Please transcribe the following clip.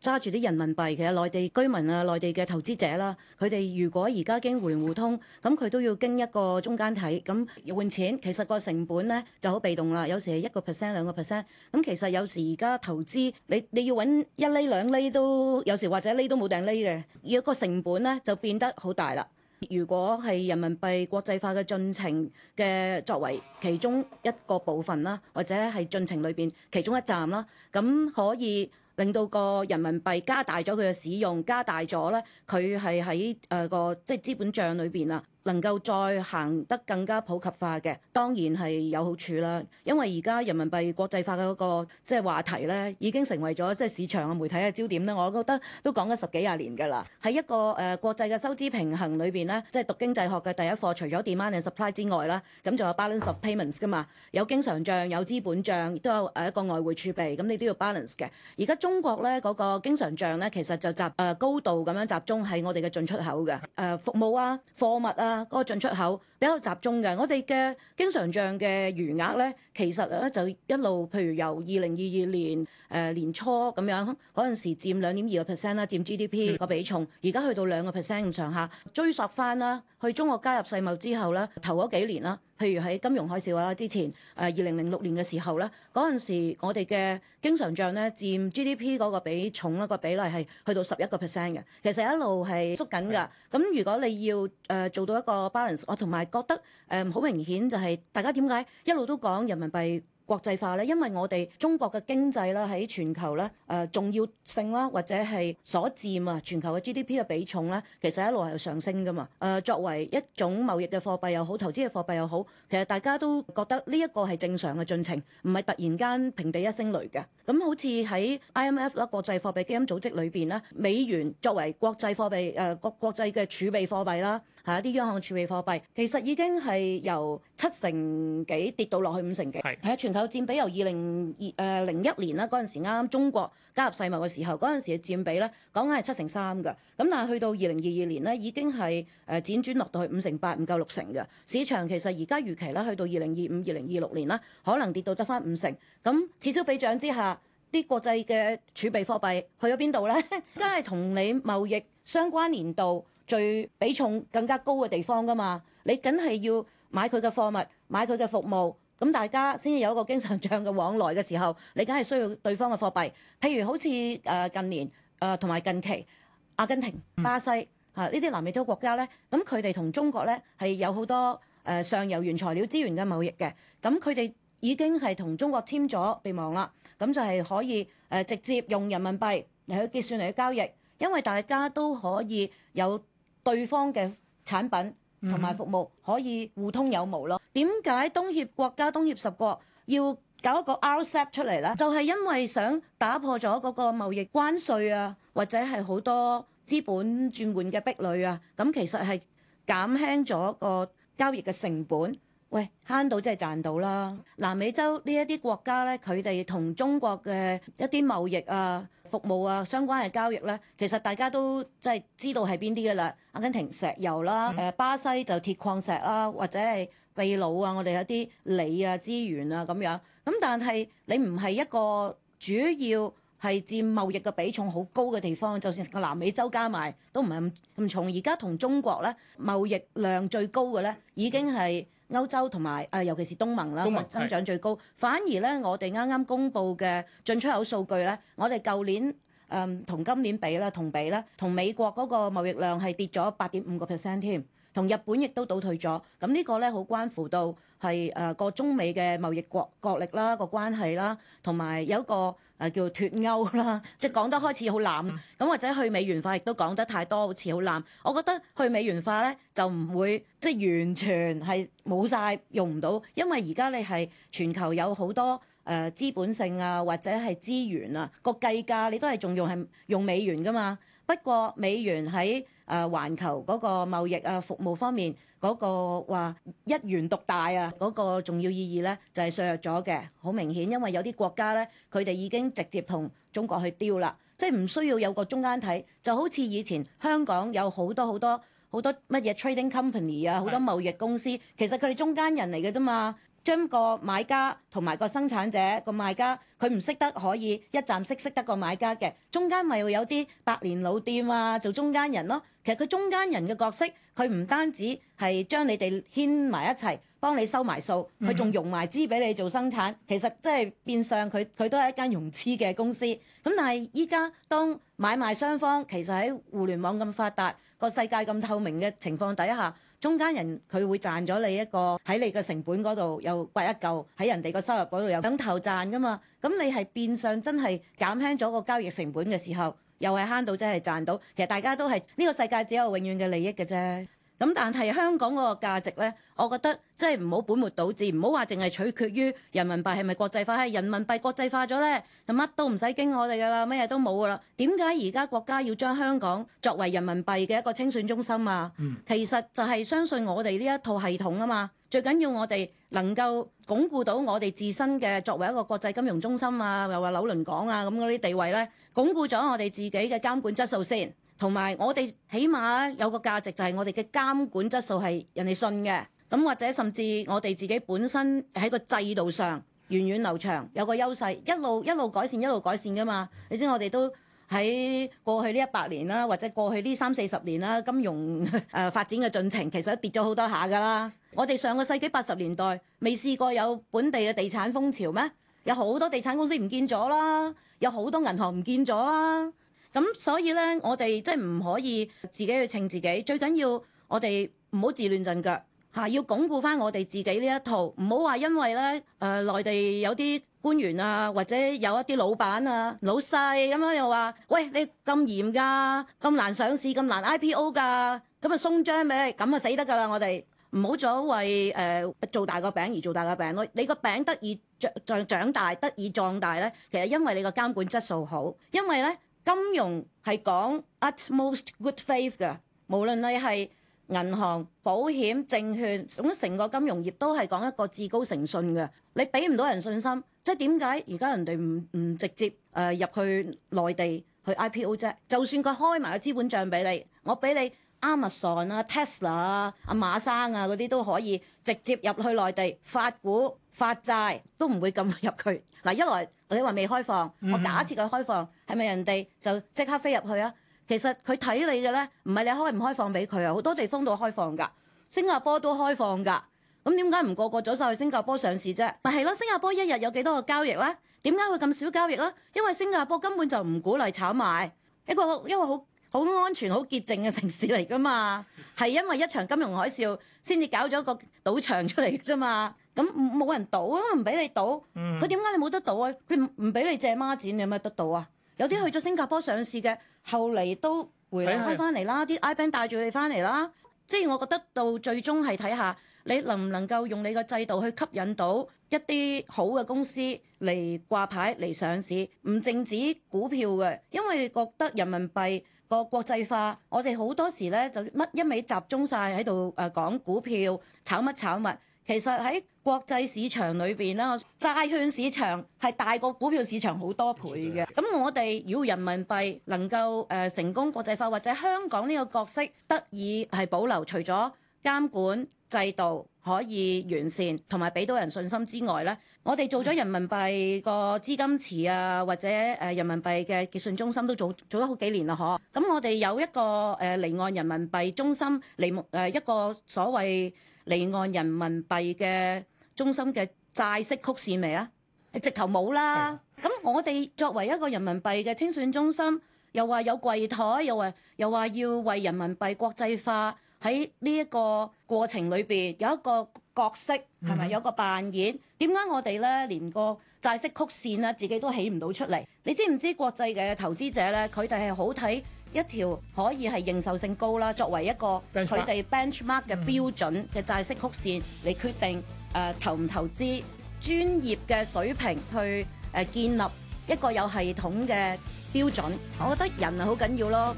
揸住啲人民幣，其實內地居民啊、內地嘅投資者啦，佢哋如果而家經互聯互通，咁佢都要經一個中間體，咁換錢，其實個成本咧就好被動啦。有時係一個 percent 兩個 percent，咁其實有時而家投資，你你要揾一厘、兩厘，都有時或者厘都冇掟厘嘅，而個成本咧就變得好大啦。如果係人民幣國際化嘅進程嘅作為其中一個部分啦，或者係進程裏邊其中一站啦，咁可以。令到個人民幣加大咗佢嘅使用，加大咗咧，佢係喺誒個即係資本帳裏邊啊。能夠再行得更加普及化嘅，當然係有好處啦。因為而家人民幣國際化嘅嗰、那個即係、就是、話題咧，已經成為咗即係市場嘅媒體嘅焦點啦。我覺得都講咗十幾廿年㗎啦。喺一個誒、呃、國際嘅收支平衡裏邊咧，即係讀經濟學嘅第一課，除咗 demand and supply 之外啦，咁仲有 balance of payments 㗎嘛。有經常帳、有資本帳，亦都有誒一個外匯儲備，咁你都要 balance 嘅。而家中國咧嗰、那個經常帳咧，其實就集誒、呃、高度咁樣集中喺我哋嘅進出口嘅誒、呃、服務啊，貨物啊。啊！嗰個進出口比較集中嘅，我哋嘅經常帳嘅餘額咧，其實咧就一路，譬如由二零二二年誒、呃、年初咁樣嗰陣時佔 2. 2，佔兩點二個 percent 啦，佔 GDP 個比重，而家去到兩個 percent 咁上下，追溯返啦，去中國加入世貿之後啦，頭嗰幾年啦。譬如喺金融海嘯啊之前，誒二零零六年嘅時候咧，嗰陣時我哋嘅經常帳咧佔 GDP 嗰個比重一個比例係去到十一個 percent 嘅，其實一路係縮緊㗎。咁的如果你要誒做到一個 balance，我同埋覺得誒好明顯就係大家點解一路都講人民幣。國際化咧，因為我哋中國嘅經濟咧喺全球咧誒重要性啦，或者係所佔啊全球嘅 GDP 嘅比重咧，其實一路係上升㗎嘛。誒作為一種貿易嘅貨幣又好，投資嘅貨幣又好，其實大家都覺得呢一個係正常嘅進程，唔係突然間平地一聲雷嘅。咁好似喺 IMF 啦國際貨幣基金組織裏邊咧，美元作為國際貨幣誒國國際嘅儲備貨幣啦，係一啲央行儲備貨幣，其實已經係由七成幾跌到落去五成幾，係全球。有佔比由二零二誒零一年啦，嗰陣時啱啱中國加入世貿嘅時候，嗰陣時嘅佔比咧，講緊係七成三㗎。咁但係去到二零二二年咧，已經係輾轉落到去五成八，唔夠六成嘅。市場其實而家預期咧，去到二零二五、二零二六年啦，可能跌到得返五成。咁此消彼長之下，啲國際嘅儲備貨幣去咗邊度咧？梗係同你貿易相關年度最比重更加高嘅地方㗎嘛。你梗係要買佢嘅貨物，買佢嘅服務。咁大家先至有一個經常帳嘅往來嘅時候，你梗係需要對方嘅貨幣。譬如好似誒近年誒同埋近期阿根廷、巴西啊呢啲南美洲國家咧，咁佢哋同中國咧係有好多誒上游原材料資源嘅貿易嘅，咁佢哋已經係同中國簽咗備忘啦，咁就係、是、可以誒直接用人民幣嚟去結算嚟去交易，因為大家都可以有對方嘅產品。.同埋服務可以互通有無咯。點解東協國家東協十國要搞一個 RCEP 出嚟呢？就係、是、因為想打破咗嗰個貿易關稅啊，或者係好多資本轉換嘅壁壘啊，咁其實係減輕咗個交易嘅成本。喂，慳到即係賺到啦！南美洲呢一啲國家咧，佢哋同中國嘅一啲貿易啊、服務啊相關嘅交易咧，其實大家都即係知道係邊啲㗎喇。阿根廷石油啦，誒巴西就鐵礦石啦，或者係秘魯啊，我哋有啲鋰啊資源啊咁樣。咁但係你唔係一個主要，係佔貿易嘅比重好高嘅地方，就算個南美洲加埋都唔係咁重。而家同中國咧貿易量最高嘅咧，已經係歐洲同埋誒，尤其是東盟啦，盟增長最高。的反而咧，我哋啱啱公布嘅進出口數據咧，我哋舊年誒、嗯、同今年比啦，同比咧，同美國嗰個貿易量係跌咗八點五個 percent 添。同日本亦都倒退咗，咁呢個咧好關乎到係誒個中美嘅貿易國國力啦、個關係啦，同埋有一個誒、呃、叫做脫歐啦，即係講得開始好濫咁，或者去美元化亦都講得太多，好似好濫。我覺得去美元化咧就唔會即係完全係冇晒，用唔到，因為而家你係全球有好多誒、呃、資本性啊，或者係資源啊，個計價你都係仲用係用美元噶嘛。不過美元喺誒環球嗰個貿易啊、服務方面嗰個話一元獨大啊，嗰、那個重要意義咧就係、是、削弱咗嘅，好明顯，因為有啲國家咧佢哋已經直接同中國去丟啦，即係唔需要有個中間體，就好似以前香港有好多好多好多乜嘢 trading company 啊，好多貿易公司，其實佢哋中間人嚟嘅啫嘛。將個買家同埋個生產者個賣家，佢唔識得可以一站式識得個買家嘅，中間咪會有啲百年老店啊，做中間人咯。其實佢中間人嘅角色，佢唔單止係將你哋牽埋一齊，幫你收埋數，佢仲融埋資俾你做生產。其實即係變相佢佢都係一間融資嘅公司。咁但係依家當買賣雙方其實喺互聯網咁發達、個世界咁透明嘅情況底下。中間人佢會賺咗你一個，喺你嘅成本嗰度又刮一嚿，喺人哋個收入嗰度又等頭賺㗎嘛。咁你係變相真係減輕咗個交易成本嘅時候，又係慳到即係賺到，其實大家都係呢個世界只有永遠嘅利益嘅啫。咁但係香港嗰個價值咧，我覺得即係唔好本末倒置，唔好話淨係取決於人民幣係咪國際化，係人民幣國際化咗咧，就乜都唔使驚我哋㗎喇，乜嘢都冇㗎喇。點解而家國家要將香港作為人民幣嘅一個清算中心啊？嗯、其實就係相信我哋呢一套系統啊嘛。最緊要我哋能夠鞏固到我哋自身嘅作為一個國際金融中心啊，又話紐倫港啊咁嗰啲地位咧，鞏固咗我哋自己嘅監管質素先。同埋，我哋起碼有個價值就係我哋嘅監管質素係人哋信嘅。咁或者甚至我哋自己本身喺個制度上源遠流長，有個優勢，一路一路改善，一路改善噶嘛。你知我哋都喺過去呢一百年啦，或者過去呢三四十年啦，金融誒發展嘅進程其實都跌咗好多下噶啦。我哋上個世紀八十年代未試過有本地嘅地產風潮咩？有好多地產公司唔見咗啦，有好多銀行唔見咗啦。咁所以咧，我哋即係唔可以自己去稱自己，最緊要我哋唔好自亂陣腳吓、啊，要鞏固翻我哋自己呢一套，唔好話因為咧誒、呃、內地有啲官員啊，或者有一啲老闆啊、老細咁樣又話：喂，你咁嚴㗎，咁難上市、咁難 IPO 㗎，咁啊鬆章俾，咁啊死得㗎啦！我哋唔好再為誒、呃、做大個餅而做大個餅咯。你個餅得以長再長大、得以壯大咧，其實因為你個監管質素好，因為咧。金融係講 utmost good faith 嘅，無論你係銀行、保險、證券，咁成個金融業都係講一個至高誠信嘅。你俾唔到人信心，即係點解而家人哋唔唔直接誒入、呃、去內地去 IPO 啫？就算佢開埋個資本帳俾你，我俾你。Amazon Tesla，啊、Tesla 啊、阿馬生啊嗰啲都可以直接入去內地發股發債，都唔會咁入去。嗱，一來你話未開放，我假設佢開放，係咪人哋就即刻飛入去啊？其實佢睇你嘅咧，唔係你開唔開放俾佢啊，好多地方都開放㗎。新加坡都開放㗎，咁點解唔個個早上去新加坡上市啫？咪係咯，新加坡一日有幾多個交易咧？點解會咁少交易咧？因為新加坡根本就唔鼓勵炒賣，一個因為好。好安全、好潔淨嘅城市嚟㗎嘛，係因為一場金融海嘯先至搞咗一個賭場出嚟啫嘛。咁冇人賭都唔俾你賭，佢點解你冇得賭啊？佢唔唔俾你借孖展，你有乜得賭啊？有啲去咗新加坡上市嘅，後嚟都回流翻嚟啦，啲是 I-bank 帶住你翻嚟啦。的即係我覺得到最終係睇下你能唔能夠用你個制度去吸引到一啲好嘅公司嚟掛牌嚟上市，唔淨止股票嘅，因為覺得人民幣。個國際化，我哋好多時咧就乜一味集中晒喺度誒講股票，炒乜炒物。其實喺國際市場裏邊啦，債券市場係大過股票市場好多倍嘅。咁我哋如果人民幣能夠誒成功國際化，或者香港呢個角色得以係保留，除咗監管制度可以完善同埋俾到人信心之外呢，我哋做咗人民幣個資金池啊，或者誒人民幣嘅結算中心都做做咗好幾年啦，嗬。咁、嗯、我哋有一個誒離岸人民幣中心，離目誒一個所謂離岸人民幣嘅中心嘅債息曲線未啊？直頭冇啦。咁的我哋作為一個人民幣嘅清算中心，又話有櫃台，又話又話要為人民幣國際化。喺呢一個過程裏邊，有一個角色係咪有一個扮演？點解我哋咧連個債息曲線啊，自己都起唔到出嚟？你知唔知國際嘅投資者咧，佢哋係好睇一條可以係認受性高啦，作為一個佢哋 benchmark 嘅標準嘅債息曲線，嚟決定誒、呃、投唔投資？專業嘅水平去誒建立一個有系統嘅標準，我覺得人係好緊要咯。